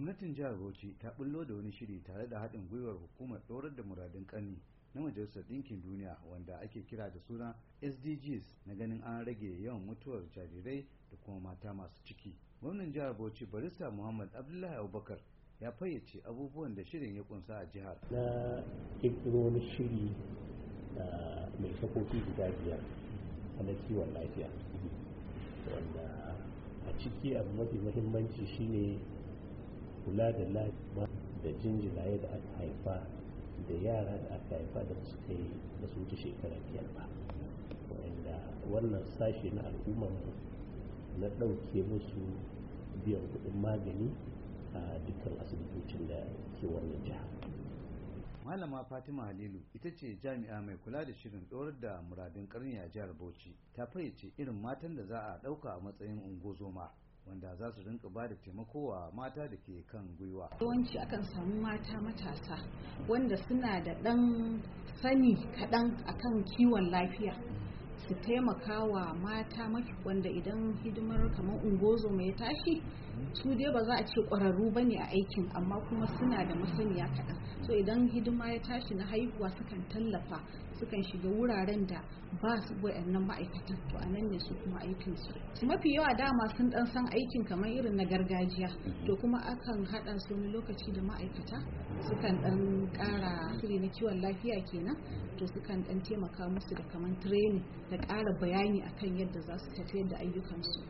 gwamnatin jihar bauchi ta bullo da wani shiri tare da haɗin gwiwar hukumar ɗorar da muradun ƙarni na majalisar ɗinkin duniya wanda ake kira da suna sdgs na ganin an rage yawan mutuwar jarirai da kuma mata masu ciki gwamnan jihar bauchi barista muhammad abdullahi abubakar ya fayyace abubuwan da shirin ya kunsa a jihar na ƙirƙiro wani shiri ah, mai kafofi guda biyar na kiwon lafiya wanda a ciki abu mafi muhimmanci shine kula da lafiya da jinjiraye da aka haifa da yara da aka haifa da suka yi da su wuce shekara biyar ba wanda wannan sashe na al'ummar na ɗauke musu biyan kuɗin magani a dukkan asibitocin da ke wannan jiha malama fatima halilu ita ce jami'a mai kula da shirin ɗorar da muradin ƙarni a jihar bauchi ta fayyace irin matan da za a ɗauka a matsayin ungozoma wanda za su rinka ba da taimako wa mata da ke kan gwiwa. Yawanci akan samu mata matasa wanda suna da ɗan sani kaɗan akan kiwon lafiya. su taimaka wa mata mafi wanda idan hidimar kamar ungozo mai tashi su dai ba za a ce ƙwararru ba ne a aikin amma kuma suna da masaniya kaɗan so idan hidima ya tashi na haihuwa sukan tallafa sukan shiga wuraren da ba su wayannan ma'aikatan to a nan ne su kuma aikin su mafi yawa dama sun dan san aikin kamar irin na gargajiya mhm. to kuma akan hada su wani lokaci da ma'aikata sukan dan kara shiri na kiwon lafiya kenan to sukan dan taimaka musu da kamar training da kara bayani akan yadda za su tafi da ayyukansu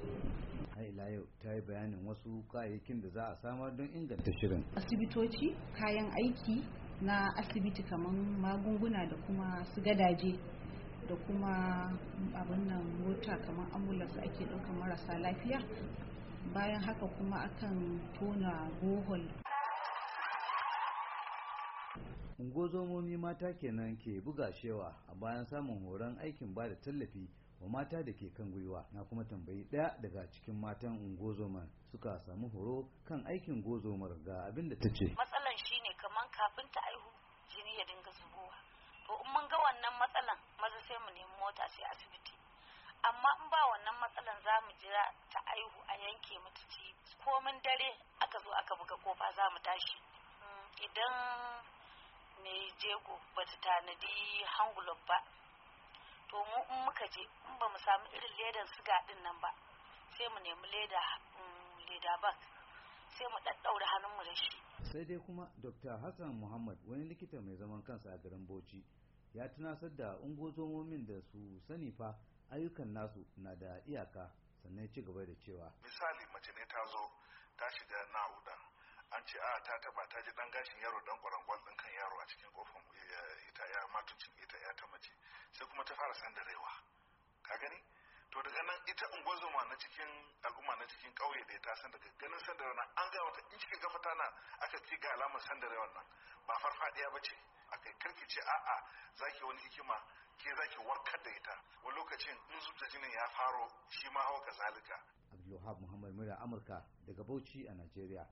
ila yau ta yi bayanin wasu kayayyakin da za a samar don inganta shirin asibitoci kayan aiki na asibiti kamar magunguna da kuma su gadaje da kuma abin nan mota kamar ambulance ake ɗaukar marasa lafiya bayan haka kuma akan tona bohol ungozomomi mata kenan ke buga shewa a bayan samun horon aikin ba da tallafi wa mata da ke kan gwiwa na kuma tambayi ɗaya daga cikin matan gozomar suka samu horo kan aikin gozomar ga abin da ta ce matsalan shine kaman kafin ta aihu jini ya dinga zubowa to in mun ga wannan matsalan maza sai mu nemi mota sai asibiti amma in ba wannan matsalan za mu jira ta aihu a yanke mata ci komin dare aka zo aka buga kofa za mu tashi mm, idan mai jego bata tanadi hangulob ba muka je in ba mu samu irin ledan siga din nan ba sai mu nemi leda mm, leda ba sai mu daddaura mu da shi sai dai kuma dr hassan muhammad wani likita mai zaman kansa a garin bauchi ya tunasar da ungozomomin da su sani fa ayyukan nasu na da iyaka sannan ci gaba da cewa misali mace ne ta zo ta shiga na'uda an ce a ah, ta taba ta ji dan gashin yaro dan kwarankwal din yaro a cikin mutuncin ita ya ta mace sai kuma ta fara raiwa ka gani to daga nan ita ungozoma na cikin al'umma na cikin ƙauye da ta san daga ganin sandarewa rana an ga wata in cikin ga na aka ci ga alamar raiwa nan ba farfadiya ba ce akai karki ce a zaki wani hikima ke zaki warkar da ita wani lokacin in zubta jinin ya faro shi ma hawa kazalika Abdulwahab Muhammad Mura Amurka daga Bauchi a Najeriya